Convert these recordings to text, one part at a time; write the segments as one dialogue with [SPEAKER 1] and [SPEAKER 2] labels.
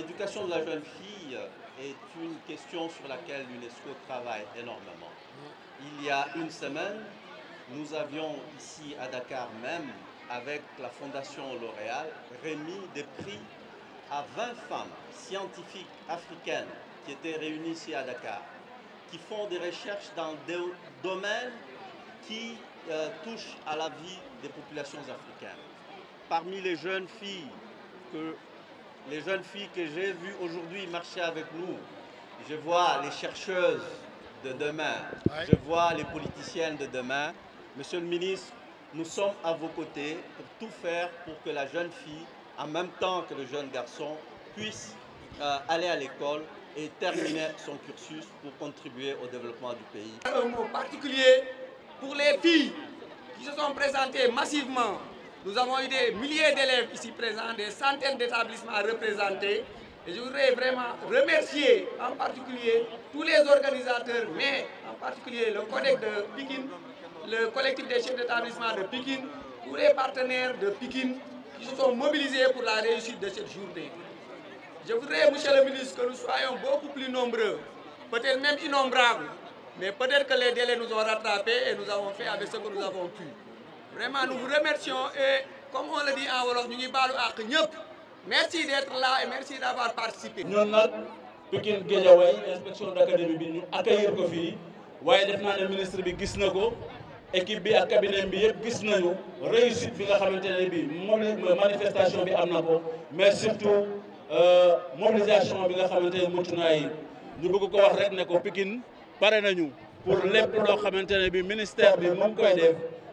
[SPEAKER 1] L'éducation de la jeune fille est une question sur laquelle l'UNESCO travaille énormément. Il y a une semaine, nous avions ici à Dakar même, avec la Fondation L'Oréal, remis des prix à 20 femmes scientifiques africaines qui étaient réunies ici à Dakar, qui font des recherches dans des domaines qui euh, touchent à la vie des populations africaines. Parmi les jeunes filles que les jeunes filles que j'ai vues aujourd'hui marcher avec nous, je vois les chercheuses de demain, je vois les politiciennes de demain. Monsieur le ministre, nous sommes à vos côtés pour tout faire pour que la jeune fille, en même temps que le jeune garçon, puisse euh, aller à l'école et terminer son cursus pour contribuer au développement du pays. Un mot
[SPEAKER 2] particulier pour les filles qui se sont présentées massivement nous avons eu des milliers d'élèves ici présents, des centaines d'établissements représentés. Et je voudrais vraiment remercier en particulier tous les organisateurs, mais en particulier le
[SPEAKER 1] collègue de le collectif des chefs d'établissement de Pékin, tous les partenaires de Pékin qui se sont mobilisés pour la réussite de cette journée. Je voudrais, Monsieur le ministre, que nous soyons beaucoup plus nombreux, peut-être même innombrables, mais peut-être que les délais
[SPEAKER 2] nous ont rattrapés et nous avons fait avec ce que nous avons pu. Vraiment, nous vous remercions et
[SPEAKER 1] comme on le dit en Wolof, nous sommes Merci d'être là et merci d'avoir participé. Nous sommes Pékin Guédiaway, l'inspection d'académie, nous accueillir ici. waaye def naa ne ministre bi gis na ko équipe bi ak cabinet bi yëpp gis nañu réussite bi nga xamante bi manifestation bi am na mais surtout euh, mobilisation bi nga xamante ne mucc naa yi ñu bëgg ko wax rek ne ko Pikine nañu pour lépp de la manifestation, bi ministère bi mu koy def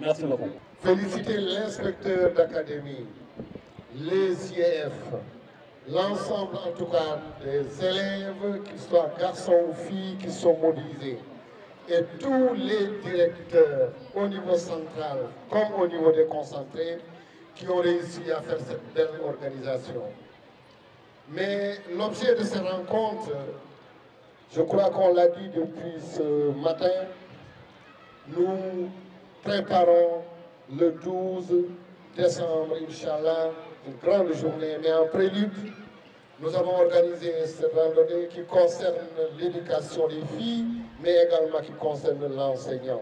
[SPEAKER 1] merci beaucoup.
[SPEAKER 2] féliciter l'inspecteur d'académie les IEF l'ensemble en tout cas des élèves qu'ils soient garçons ou filles qui sont mobilisés et tous les directeurs au niveau central comme au niveau des concentrés qui ont réussi à faire cette belle organisation. Mais l'objet de ces rencontres, je crois qu'on l'a dit depuis ce matin, nous préparons le 12 décembre, Inch'Allah, une grande journée. Mais en prélude, nous avons organisé cette randonnée qui concerne l'éducation des filles, mais également qui concerne l'enseignant.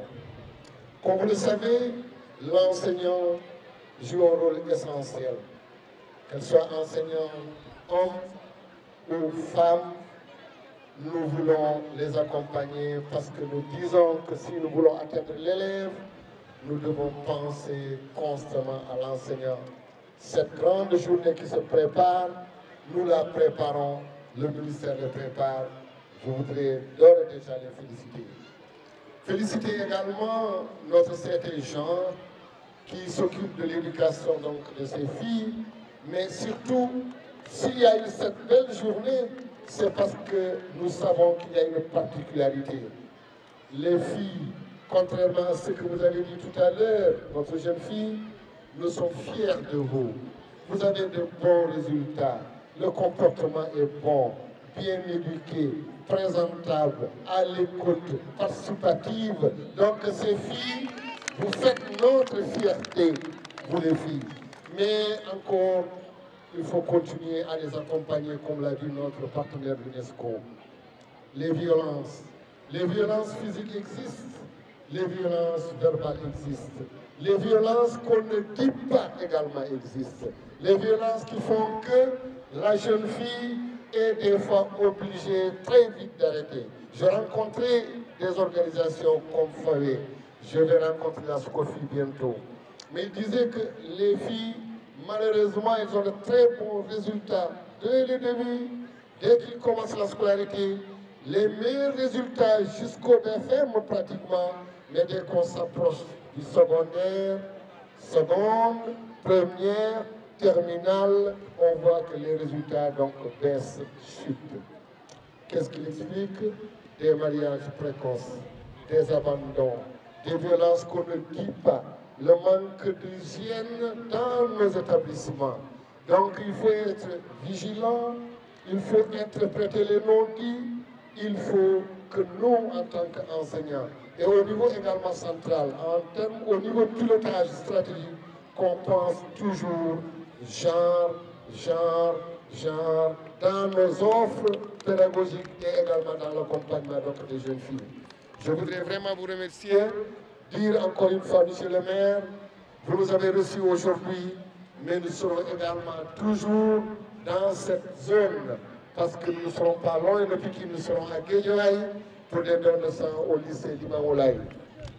[SPEAKER 2] Comme vous le savez, l'enseignant joue un rôle essentiel, qu'elle soit enseignante, hommes ou femmes, nous voulons les accompagner parce que nous disons que si nous voulons atteindre l'élève, nous devons penser constamment à l'enseignant. Cette grande journée qui se prépare, nous la préparons, le ministère la prépare. Je voudrais d'ores et déjà les féliciter. Féliciter également notre certain qui s'occupe de l'éducation de ses filles, mais surtout s'il y a eu cette belle journée, c'est parce que nous savons qu'il y a une particularité. Les filles, contrairement à ce que vous avez dit tout à l'heure, votre jeune fille, nous sommes fiers de vous. Vous avez de bons résultats. Le comportement est bon, bien éduqué, présentable, à l'écoute, participative. Donc ces filles, vous faites notre fierté, vous les filles. Mais encore il faut continuer à les accompagner, comme l'a dit notre partenaire UNESCO. Les violences, les violences physiques existent, les violences verbales existent, les violences qu'on ne dit pas également existent, les violences qui font que la jeune fille est des fois obligée très vite d'arrêter. Je rencontré des organisations comme FAVE. je vais rencontrer la SCOFI bientôt, mais ils disait que les filles Malheureusement, ils ont de très bons résultats dès le début, dès qu'ils commencent la scolarité. Les meilleurs résultats jusqu'au BFM pratiquement, mais dès qu'on s'approche du secondaire, seconde, première, terminale, on voit que les résultats donc baissent, chutent. Qu'est-ce qu'il explique Des mariages précoces, des abandons, des violences qu'on ne dit pas, le manque d'hygiène dans nos établissements. Donc il faut être vigilant, il faut interpréter les non-dits, il faut que nous, en tant qu'enseignants, et au niveau également central, en au niveau de pilotage stratégique, qu'on pense toujours genre, genre, genre, dans nos offres pédagogiques et également dans l'accompagnement des jeunes filles. Je voudrais vraiment vous remercier dire encore une fois, Monsieur le maire, vous nous avez reçus aujourd'hui, mais nous serons également toujours dans cette zone, parce que nous ne serons pas loin depuis que nous serons à Guéjoaï pour des dons de sang au lycée Limaolaï.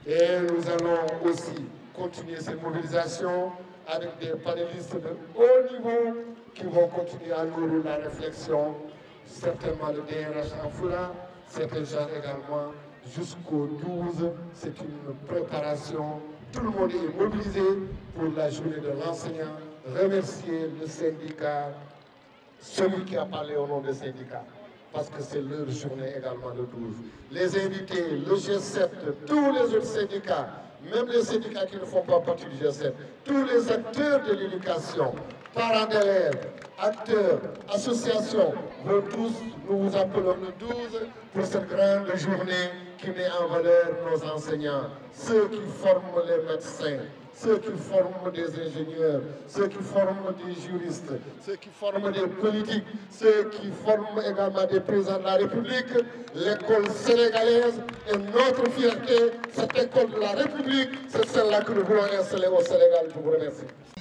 [SPEAKER 2] Et nous allons aussi continuer ces mobilisations avec des panélistes de haut niveau qui vont continuer à nourrir la réflexion, certainement le DRH en foulant, certains gens également jusqu'au 12. C'est une préparation. Tout le monde est mobilisé pour la journée de l'enseignant. Remercier le syndicat, celui qui a parlé au nom des syndicats, parce que c'est leur journée également le 12. Les invités, le G7, tous les autres syndicats, même les syndicats qui ne font pas partie du G7, tous les acteurs de l'éducation, parents d'élèves, acteurs, associations, nous tous, nous vous appelons le 12 pour cette grande journée qui met en valeur nos enseignants, ceux qui forment les médecins, ceux qui forment des ingénieurs, ceux qui forment des juristes, ceux qui forment des politiques, ceux qui forment également des présidents de la République, l'école sénégalaise est notre fierté, cette école de la République, c'est celle-là que nous voulons installer au Sénégal. Je vous remercie.